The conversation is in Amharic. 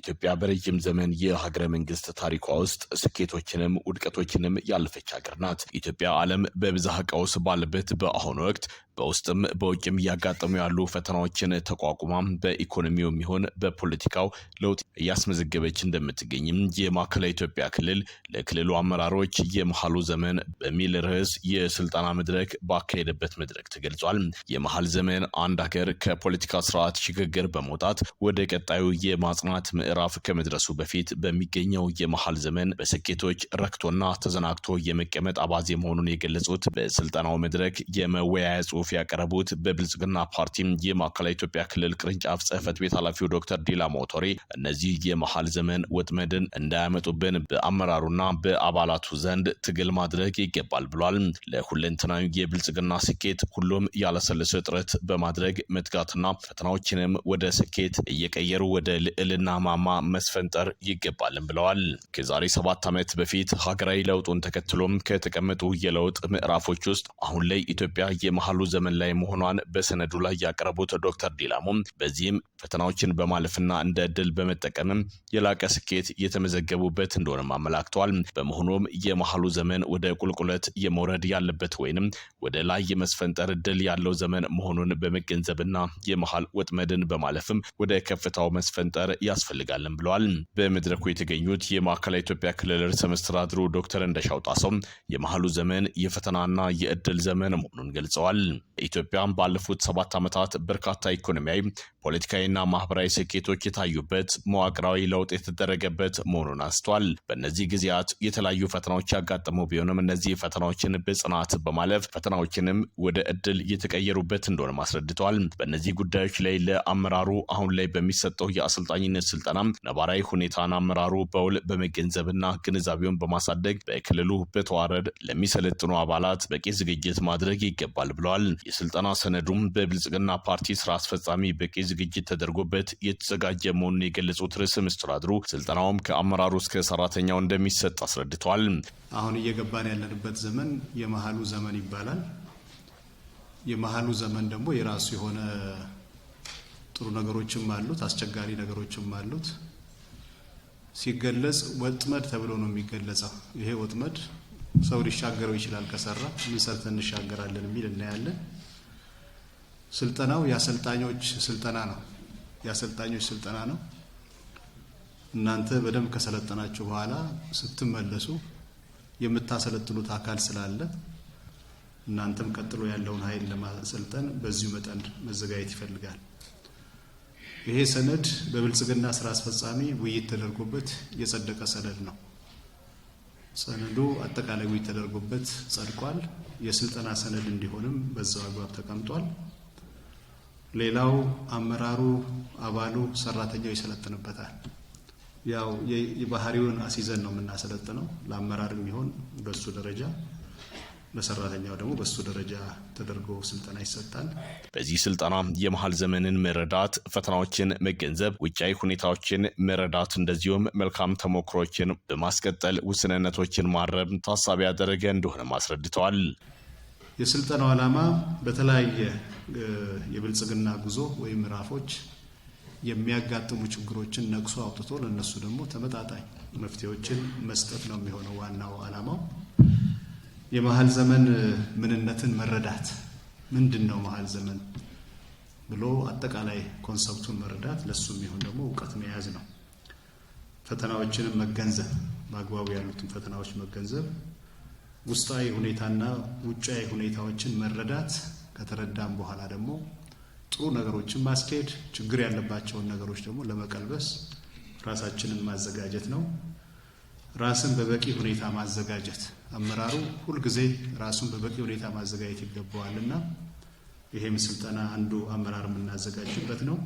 ኢትዮጵያ በረጅም ዘመን የሀገረ መንግስት ታሪኳ ውስጥ ስኬቶችንም ውድቀቶችንም ያለፈች ሀገር ናት። ኢትዮጵያ ዓለም በብዝሃ ቀውስ ባለበት በአሁኑ ወቅት በውስጥም በውጭም እያጋጠሙ ያሉ ፈተናዎችን ተቋቁማ በኢኮኖሚው የሚሆን በፖለቲካው ለውጥ እያስመዘገበች እንደምትገኝም የማዕከላዊ ኢትዮጵያ ክልል ለክልሉ አመራሮች የመሃሉ ዘመን በሚል ርዕስ የስልጠና መድረክ ባካሄደበት መድረክ ተገልጿል። የመሃል ዘመን አንድ ሀገር ከፖለቲካ ስርዓት ሽግግር በመውጣት ወደ ቀጣዩ የማጽናት ምዕራፍ ከመድረሱ በፊት በሚገኘው የመሀል ዘመን በስኬቶች ረክቶና ተዘናግቶ የመቀመጥ አባዜ መሆኑን የገለጹት በስልጠናው መድረክ የመወያያ ጽሁፍ ያቀረቡት በብልጽግና ፓርቲም የማዕከላዊ ኢትዮጵያ ክልል ቅርንጫፍ ጽህፈት ቤት ኃላፊው ዶክተር ዲላ ሞቶሪ እነዚህ የመሀል ዘመን ወጥመድን እንዳያመጡብን በአመራሩና በአባላቱ ዘንድ ትግል ማድረግ ይገባል ብሏል። ለሁለንተናዊ የብልጽግና ስኬት ሁሉም ያለሰለሰ ጥረት በማድረግ መትጋትና ፈተናዎችንም ወደ ስኬት እየቀየሩ ወደ ልዕልና ማ ጤናማ መስፈንጠር ይገባልን ብለዋል። ከዛሬ ሰባት ዓመት በፊት ሀገራዊ ለውጡን ተከትሎም ከተቀመጡ የለውጥ ምዕራፎች ውስጥ አሁን ላይ ኢትዮጵያ የመሃሉ ዘመን ላይ መሆኗን በሰነዱ ላይ ያቀረቡት ዶክተር ዲላሙ በዚህም ፈተናዎችን በማለፍና እንደ እድል በመጠቀምም የላቀ ስኬት የተመዘገቡበት እንደሆነም አመላክተዋል። በመሆኑም የመሃሉ ዘመን ወደ ቁልቁለት የመውረድ ያለበት ወይንም ወደ ላይ የመስፈንጠር እድል ያለው ዘመን መሆኑን በመገንዘብና የመሃል ወጥመድን በማለፍም ወደ ከፍታው መስፈንጠር ያስፈልጋል እንፈልጋለን ብለዋል። በመድረኩ የተገኙት የማዕከላዊ ኢትዮጵያ ክልል ርዕሰ መስተዳድሩ ዶክተር እንደሻው ጣሰው የመሃሉ ዘመን የፈተናና የእድል ዘመን መሆኑን ገልጸዋል። ኢትዮጵያ ባለፉት ሰባት ዓመታት በርካታ ኢኮኖሚያዊ ፖለቲካዊና ማህበራዊ ስኬቶች የታዩበት መዋቅራዊ ለውጥ የተደረገበት መሆኑን አንስቷል። በእነዚህ ጊዜያት የተለያዩ ፈተናዎች ያጋጠሙ ቢሆንም እነዚህ ፈተናዎችን በጽናት በማለፍ ፈተናዎችንም ወደ እድል እየተቀየሩበት እንደሆነ አስረድተዋል። በእነዚህ ጉዳዮች ላይ ለአመራሩ አሁን ላይ በሚሰጠው የአሰልጣኝነት ስልጠና ነባራዊ ሁኔታን አመራሩ በውል በመገንዘብና ግንዛቤውን በማሳደግ በክልሉ በተዋረድ ለሚሰለጥኑ አባላት በቂ ዝግጅት ማድረግ ይገባል ብለዋል። የስልጠና ሰነዱም በብልጽግና ፓርቲ ስራ አስፈጻሚ በቂ ዝግጅት ተደርጎበት የተዘጋጀ መሆኑን የገለጹት ርዕሰ መስተዳድሩ ስልጠናውም ከአመራሩ እስከ ሰራተኛው እንደሚሰጥ አስረድተዋል። አሁን እየገባን ያለንበት ዘመን የመሀሉ ዘመን ይባላል። የመሀሉ ዘመን ደግሞ የራሱ የሆነ ጥሩ ነገሮችም አሉት፣ አስቸጋሪ ነገሮችም አሉት። ሲገለጽ ወጥመድ ተብሎ ነው የሚገለጸው። ይሄ ወጥመድ ሰው ሊሻገረው ይችላል ከሰራ ምን ሰርተን እንሻገራለን የሚል እናያለን። ስልጠናው የአሰልጣኞች ስልጠና ነው። የአሰልጣኞች ስልጠና ነው። እናንተ በደንብ ከሰለጠናችሁ በኋላ ስትመለሱ የምታሰለጥኑት አካል ስላለ እናንተም ቀጥሎ ያለውን ኃይል ለማሰልጠን በዚሁ መጠን መዘጋጀት ይፈልጋል። ይሄ ሰነድ በብልጽግና ስራ አስፈጻሚ ውይይት ተደርጎበት የጸደቀ ሰነድ ነው። ሰነዱ አጠቃላይ ውይይት ተደርጎበት ጸድቋል። የስልጠና ሰነድ እንዲሆንም በዛው አግባብ ተቀምጧል። ሌላው አመራሩ፣ አባሉ፣ ሰራተኛው ይሰለጥንበታል። ያው የባህሪውን አስይዘን ነው የምናሰለጥነው። ለአመራር የሚሆን በሱ ደረጃ ለሰራተኛው ደግሞ በሱ ደረጃ ተደርጎ ስልጠና ይሰጣል። በዚህ ስልጠና የመሀል ዘመንን መረዳት፣ ፈተናዎችን መገንዘብ፣ ውጫዊ ሁኔታዎችን መረዳት እንደዚሁም መልካም ተሞክሮችን በማስቀጠል ውስንነቶችን ማረም ታሳቢ ያደረገ እንደሆነም አስረድተዋል። የስልጠናው ዓላማ በተለያየ የብልጽግና ጉዞ ወይም ምዕራፎች የሚያጋጥሙ ችግሮችን ነቅሶ አውጥቶ ለእነሱ ደግሞ ተመጣጣኝ መፍትሄዎችን መስጠት ነው የሚሆነው። ዋናው ዓላማው የመሀል ዘመን ምንነትን መረዳት ምንድን ነው መሀል ዘመን ብሎ አጠቃላይ ኮንሰፕቱን መረዳት፣ ለሱ የሚሆን ደግሞ እውቀት መያዝ ነው። ፈተናዎችንም መገንዘብ፣ በአግባቡ ያሉትን ፈተናዎች መገንዘብ ውስጣዊ ሁኔታና ውጫዊ ሁኔታዎችን መረዳት ከተረዳም በኋላ ደግሞ ጥሩ ነገሮችን ማስኬድ፣ ችግር ያለባቸውን ነገሮች ደግሞ ለመቀልበስ ራሳችንን ማዘጋጀት ነው። ራስን በበቂ ሁኔታ ማዘጋጀት፣ አመራሩ ሁልጊዜ ራሱን በበቂ ሁኔታ ማዘጋጀት ይገባዋልና ይሄም ስልጠና አንዱ አመራር የምናዘጋጅበት ነው።